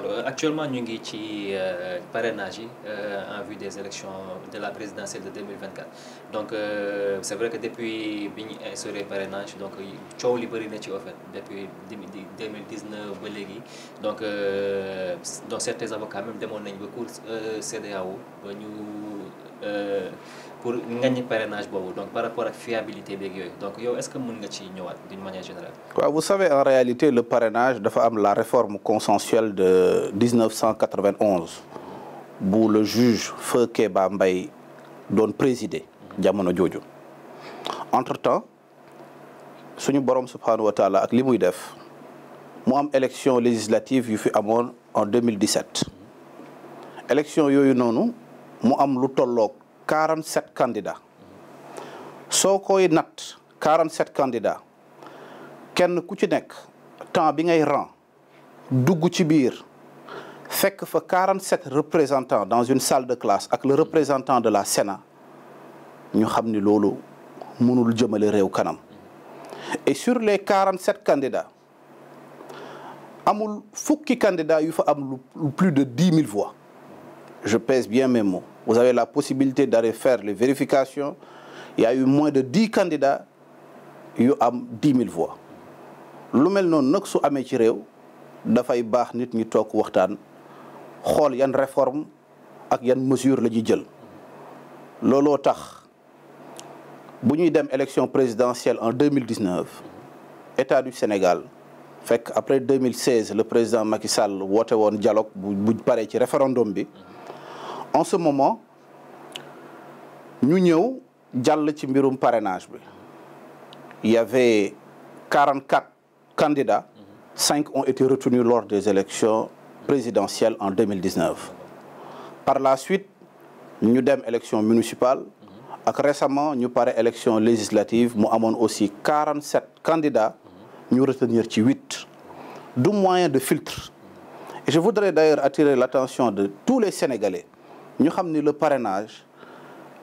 Diallo euh, actuellement ñu ngi ci euh, parenage yi euh, en vue des élections de la présidentielle de 2024 donc euh, c' est vrai que depuis bi ñu instauré parrainage donc coow li bëri na ci au fait depuis 2019 ba léegi donc euh, donc certains avocats même demoon nañ ba cour CEDEAO ba ñu. pour ngañi parrainage boobu donc par rapport ak fiabilité beeg yooyu donc yow est-ce que mën nga ci ñëwaat d'une manière générale. waaw vous savez en réalité le parrainage dafa am la réforme consensuelle de 1991 bu le juge Feu Kéba mbay doon présider jamono jooju. entre-temps suñu borom subhaanahu wa ak li muy def mu am élection législative yu fi amoon en 2017 élection yooyu noonu mu am lu tolloog. 47 candidats soo koy natt 47 candidats kenn ku ci nekk temps bi ngay rang dugg ci biir fekk fa 47 représentants dans une salle de classe ak le représentant de la Sénat ñu xam ni loolu mënul jëmale réew kanam et sur les 47 candidats amul fukki candidats yu fa am lu plus de 10 000 voix. je pèse bien mes mots, vous avez la possibilité d'aller faire les vérifications. Il eu moins de dix candidats yu am dix mille voix lu mel noon nag su amee ci réew dafay baax nit ñi toog waxtaan xool yan réforme ak yan mesure la ñuy jël looloo tax bu ñuy dem élection présidentielle en 2019 état du Sénégal fekk après 2016 le président Macky Sall woote woon dialogue bu bu paree ci référendum bi en ce moment ñu ñëw jàll ci mbirum parrainage bi il y avait 44 candidats cinq ont été retenus lors des élections présidentielles en 2019 par la suite ñu dem élection municipale ak récemment ñu pare élection législative mu amoon aussi 47 candidats ñu retenir ci huit du moyen de filtre et je voudrais d'ailleurs attirer l'attention de tous les Sénégalais ñu xam ni le parenage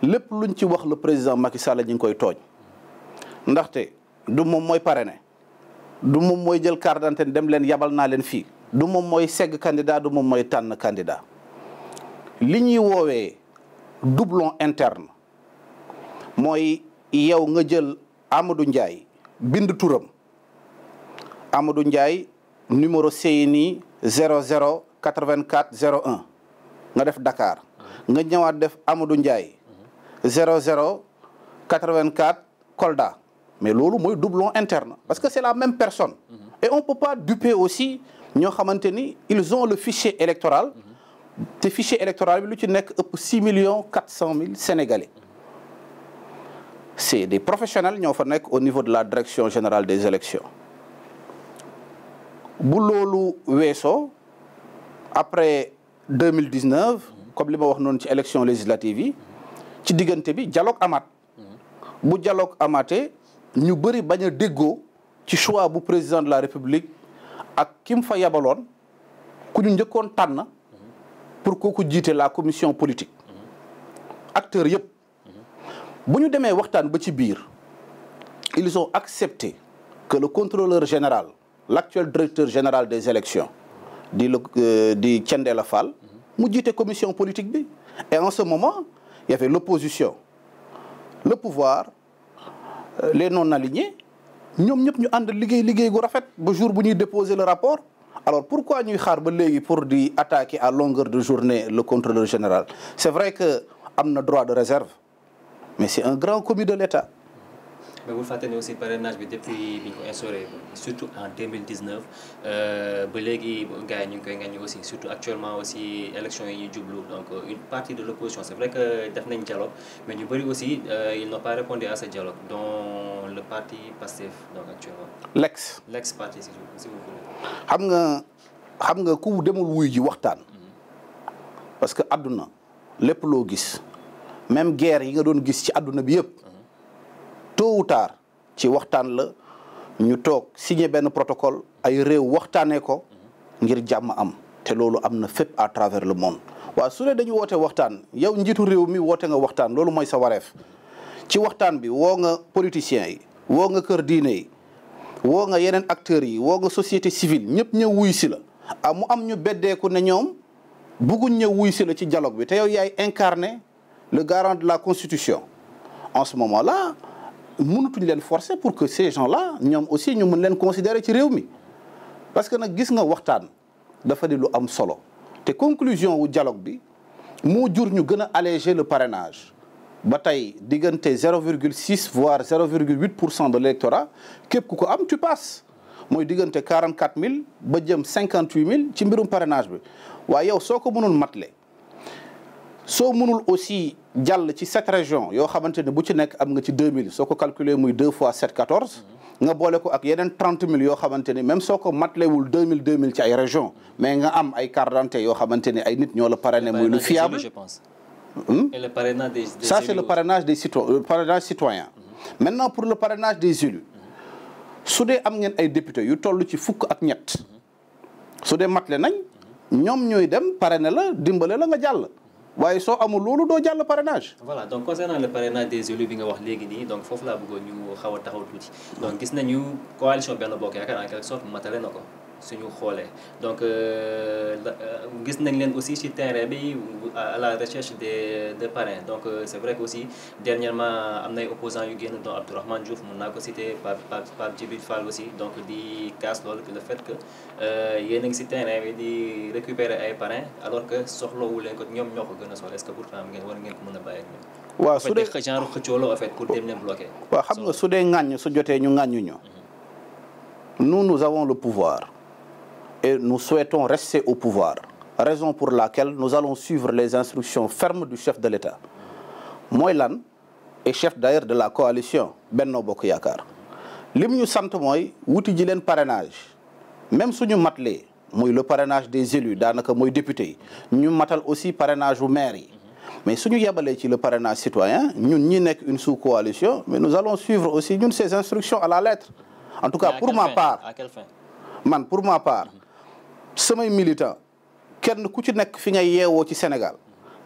lépp luñ ci wax le président Macky Sall ñu ngi koy tooñ ndaxte du moom mooy parrainé du moom mooy jël carte d'identité dem leen yabal naa leen fi du moom mooy segg candidat du moom mooy tànn kandida li ñuy woowee doublon interne mooy yow nga jël Amadou Ndiaye bind turam Amadou njaay numéro CNI 00 84 01 nga def Dakar nga ñëwaat def Amadou Ndiaye. 00 quatre Kolda mais loolu mooy doublon interne parce que c'est la même personne. et on peut pas duper aussi ñoo xamante ni ils ont le fichier électoral. te fichier électoral bi lu ci nekk ëpp 6 millions 400 mille sénégalais. c'est des professionnels ñoo fa nekk au niveau de la direction générale des élections bu loolu weesoo après 2019 comme li ma wax noonu ci élection législative yi ci diggante bi dialogue amaat bu dialogue amaatee ñu bëri bañ a déggoo ci choix bu président de la république ak ki mu fa yabaloon ku ñu njëkkoon tànn pour kooku jiite la commission politique acteurs yëpp bu ñu demee waxtaan ba ci biir ils ont accepté que le contrôleur général l'actuel directeur général des élections di la euh, di Thiendella mu jiite commission politique bi et en ce moment il y avait l'opposition le pouvoir euh, les non-alignés ñoom ñëpp ñu ànd liggéey liggéey gu rafet ba jour bu ñuy déposé le rapport alors pourquoi ñuy xaar ba léegi pour di attaquer à longueur de journée le contrôleur général c'est vrai que am na droit de réserve mais c'est un grand commis de l'État mais bul fàtte ne aussi parrainage bi depuis bi ñu ko instauré surtout en 2019 euh, ba léegi gars yi ñu ngi koy ngañu aussi surtout actuellement aussi élection yi ñu jublu donc euh, une partie de l' opposition c' est vrai que def nañ dialogue mais ñu bëri aussi euh, ils n'ont pas répondu à ce dialogue le parti Pastef donc actuellement l'ex parti si vous xam nga xam nga ku demul wuy ji waxtaan mm-hmm. parce que àdduna lépp loo gis même guerre yi nga doon gis ci àdduna bi yëpp tôt ou tard ci waxtaan la ñu toog signé benn protocole ay réew waxtaanee ko ngir jàmm am te loolu am na fépp à travers le monde waa su ne dañu woote waxtaan yow njiitu réew mi woote nga waxtaan loolu mooy sa wareef ci waxtaan bi woo nga politiciens yi woo nga kër diine yi woo nga yeneen acteurs yi woo nga société civile ñëpp ñëw wuy si la ah am ñu beddeeku ne ñoom bëgguñ ñëw wuy si la ci dialogue bi te yow yaay incarné le garant de la constitution en ce moment mënatuñ leen forcer pour que ces gens-là ñoom aussi ñu mën leen considérer ci réew mi parce que nag gis nga waxtaan dafa di lu am solo te conclusion wu dialogue bi moo jur ñu gën a alléger le parrainage ba tey diggante voir 0,6 voire 0,8 pour cent de l'électorat képp ku ko am tu passes mooy diggante 44 mille ba jëm 58 mille ci mbirum parrainage bi waaye yow soo ko mënul matle soo mënul aussi jàll ci sept régions yoo xamante ne bu ci nekk am nga ci deux mille soo ko calculer muy deux fois sept quatorze. nga boole ko ak yeneen trente mille yoo xamante ne même soo ko matlewul deux mille deux mille ci ay régions mais nga am ay carte yo yoo ne ay nit ñoo la parrainé muy lu fiable je pense. Hmm? le parrainage des des ça c'est le parrainage des citoyens le parrainage citoyen. Mhm. maintenant pour le parrainage des élus su dee am ngeen ay députés yu toll ci fukk ak ñett su dee matle nañ mhm. ñoom ñooy dem parrainé la dimbale la nga jàll. waaye soo amul loolu doo jàll parrainage. voilà donc concernant le parrainage des bi nga wax léegi nii donc foofu laa bëggoon ñu xaw a taxaw tuuti donc gis nañu coalition Benno Bokk Yaakaar en quelque sorte matale na ko. su ñu xoolee donc euh, euh, gis nañ leen aussi ci terrain bi à la recherche des des parrains donc euh, c' est vrai que aussi dernièrement am nay opposants yu génn dont Abdourahmane Diouf mun naa ko citer Pape Pape Pape Djibril Fall aussi donc di kaas loolu le fait que a ngi ci terrain bi di récupérer ay parrains alors que soxlawu leen ko ñoom ñoo ko gën a soxla est ce ngeen war ngeen ko mën a bàyyi ak ñoom. waaw su dee genre xëccoo la en fait pour dem leen bloquer. waaw xam na su dee ŋàññ su jotee ñu ŋàññu ñu. Mhm. nous nous avons le pouvoir. et nous souhaitons rester au pouvoir. Raison pour laquelle nous allons suivre les instructions fermes du chef de l'État. mooy lan et chef d'ailleurs de la coalition Benno Bokk Yaakaar lim ñu sant mooy wuti ji leen parrainage même suñu matlee muy le parrainage des élus daanaka mooy député yi ñu matal aussi parrainage wu maire yi mais suñu yebalee ci le parenage citoyen ñun ñi nekk une sous-coalition mais nous allons suivre aussi ñun ces instructions à la lettre en tout cas pour ma part man pour ma part samay militant kenn ku ci nekk fi nga yeewoo ci Sénégal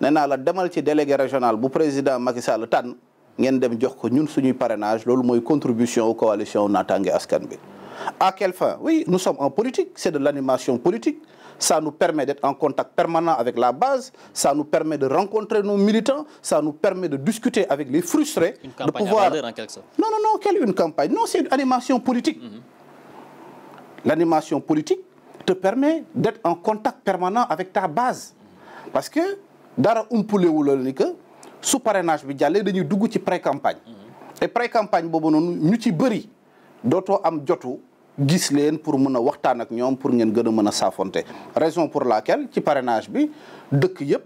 nee naa la demal ci délégué régional bu président Macky Sall tànn ngeen dem jox ko ñun suñuy parrainage loolu mooy contribution coalition naataange askan bi. à quelle fin oui nous sommes en politique c'est de l'animation politique ça nous permet d'être en contact permanent avec la base ça nu permet de rencontrer nos militants ça nous permet de discuter avec les frustrés. Une campagne de quelle une campagne non c'est une animation politique. Mm-hmm. te permet d'être en contact permanent avec ta base parce que dara umpalewu la ni que su parrainage bi jàllee dañuy dugg ci pré-campagne mm-hmm. et pré-campagne boobu noonu ñu ci bëri dootoo am jotu gis leen pour mën a waxtaan ak ñoom pour ngeen gën a mën a saafonte raison pour la laquelle ci parrainage bi dëkk yëpp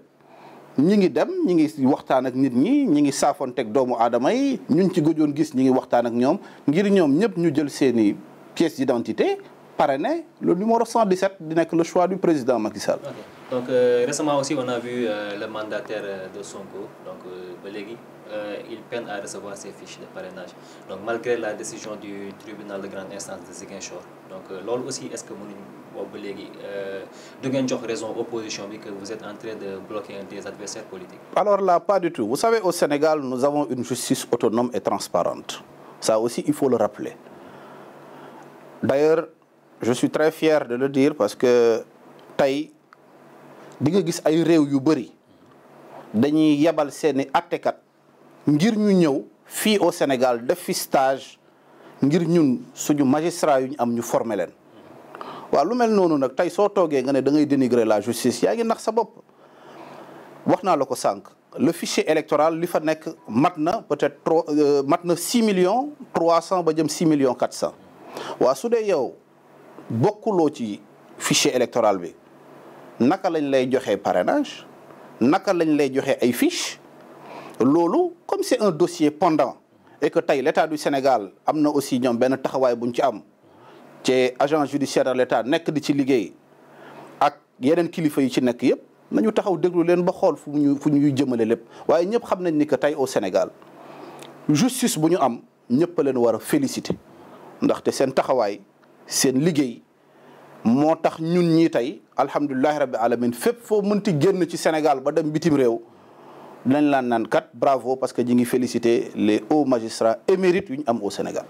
ñi ngi dem ñi ngi waxtaan ak nit ñi ñi ngi saafonteeg doomu aadama yi ñu ñun ci gëjoon gis ñi ngi waxtaan ak ñoom ngir ñoom ñëpp ñu jël seeni pièces d'identité parrainer le numéro 117 di nekk le choix du président Macky Sall. Okay. donc euh, récemment aussi on a vu euh, le mandataire euh, de Sonko donc euh, ba léegi euh, il peine à recevoir ses fiches de parrainage donc malgré la décision du tribunal de grande instance de Ziguinchor donc loolu aussi est-ce que mënuñ boobu ba léegi du ngeen jox raison opposition bi que vous êtes en train de bloquer des adversaires politiques. alors là pas du tout vous savez au Sénégal nous avons une justice autonome et transparente ça aussi il faut le rappeler d'ailleurs je suis très fier de le dire parce que tey di nga gis ay réew yu bëri dañuy yebal seeni attekat ngir ñu ñëw fii au Sénégal def fi stage ngir ñu suñu magistrat yu ñu am ñu former leen waaw lu mel noonu nag tey soo toogee nga ne da ngay dénigrer la justice yaa ndax sa bopp wax naa la ko sànq le fichier électoral li fa nekk mat na peut-être trop euh, mat na six million trois cent ba jëm six million quatre cent waaw su dee yow bokkuloo ci fichier électoral bi naka lañ lay joxe parenage naka lañ lay joxe ay fiche loolu comme c'est un dossier pendant et que tey l'État du Sénégal am na aussi ñoom benn taxawaay buñ ci am ce agent judiciaire de l'État nekk di ci liggéey ak yeneen kilifa yi ci nekk yëpp nañu taxaw déglu leen ba xool fu ñu fu ñuy jëmale lépp waaye ñëpp xam nañ ni que tey au Sénégal justice bu ñu am ñëpp leen war a féliciter ndaxte seen taxawaay seen liggéey moo tax ñun ñii tey alhamdulilahi rabbi alamin fépp foo mënti génn ci Sénégal ba dem bitim réew dinañ laan naan kat bravo parce que ñi ngi féliciter les hauts magistrats émérites yu ñu am au Sénégal.